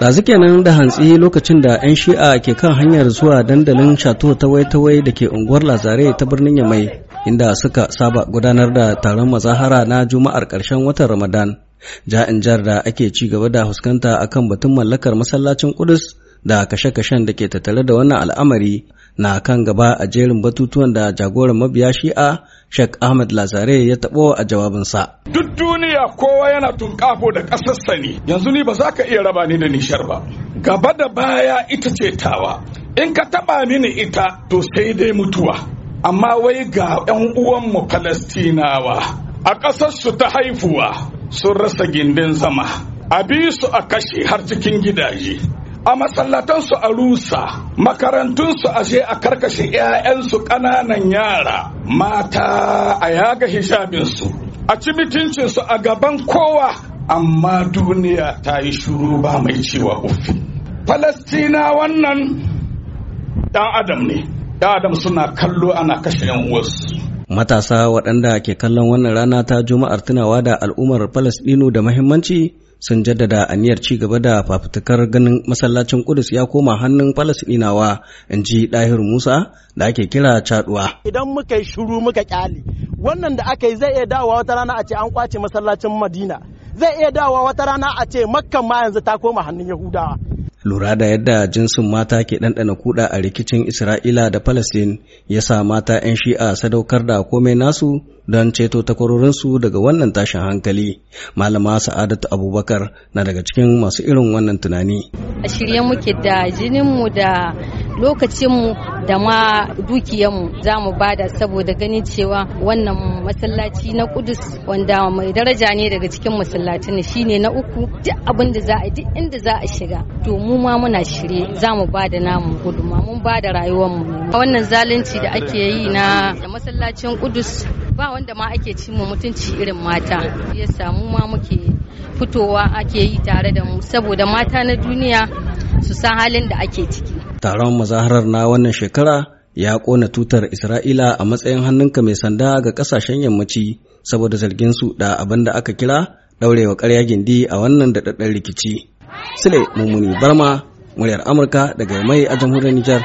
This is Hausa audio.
Ɗazu kenan da hantsi lokacin da 'yan shi'a ke kan hanyar zuwa dandalin shato ta tawai da ke unguwar Lazare ta birnin Yamai, inda suka saba gudanar da taron mazahara na Juma'ar ƙarshen watan Ramadan. Ja'in jar da ake ci gaba da huskanta akan batun mallakar masallacin Kudus da kashe-kashen da ke tattare da wannan al'amari na kan gaba a jerin batutuwan da jagoran mabiya shi'a Sheikh Ahmed Lazare ya tabo a jawabinsa. Duk duniya kowa yana tunkafo da ƙasarsa ne, yanzu ni ba za ka iya raba ni da nishar ba. Gaba da baya ita ce tawa, in ka taba mini ita to sai dai mutuwa. Amma wai ga 'yan uwanmu Falastinawa a ƙasarsu ta haifuwa sun rasa gindin zama, a bi su a kashe har cikin gidaje. a masallatansu a rusa makarantunsu a je a karkashe 'ya'yansu ƙananan yara mata a yaga hijabinsu a ci mutuncinsu a gaban kowa amma duniya ta yi shuru ba mai cewa ufi falastina wannan ɗan adam ne ɗan adam suna kallo ana kashe 'yan uwarsu matasa waɗanda ke kallon wannan rana ta juma'ar tunawa da al'ummar Falasɗinu da mahimmanci sun jaddada aniyar ci gaba da fafutukar ganin masallacin Kudus ya koma hannun Falasɗinawa in ji Dahir Musa da ake kira caduwa. Idan muka yi shiru muka kyale wannan da aka yi zai iya dawowa wata rana a ce an kwace masallacin Madina zai iya dawowa wata rana a ce makka ma yanzu ta koma hannun Yahudawa. lura da yadda jinsin mata ke ɗanɗana kuɗa a rikicin Isra'ila da Falasɗin ya sa mata 'yan shi'a sadaukar da komai nasu don ceto takwarorinsu daga wannan tashin hankali. Malama Sa'adatu Abubakar na daga cikin masu irin wannan tunani. A shirye muke da jininmu da lokacinmu da ma dukiyanmu za mu bada saboda ganin cewa wannan masallaci na Kudus wanda mai daraja ne daga cikin masallacin shine na uku duk abin da za a duk inda za a shiga to mu ma muna shirye za mu ba da namu guduma mun ba da rayuwar mu wannan zalunci da ake yi na masallacin Kudus ba wanda ma ake ci mu mutunci irin mata ya samu ma muke fitowa ake yi tare da mu saboda mata na duniya su san halin da ake ciki taron mazaharar na wannan shekara ya ƙona tutar Isra'ila a matsayin hannunka mai sanda ga ƙasashen yammaci saboda zargin su da abin da aka kira ɗaurewa ƙarya gindi a wannan daɗaɗɗen rikici. Sule Mumuni Barma, muryar Amurka daga mai a jamhuriyar Nijar.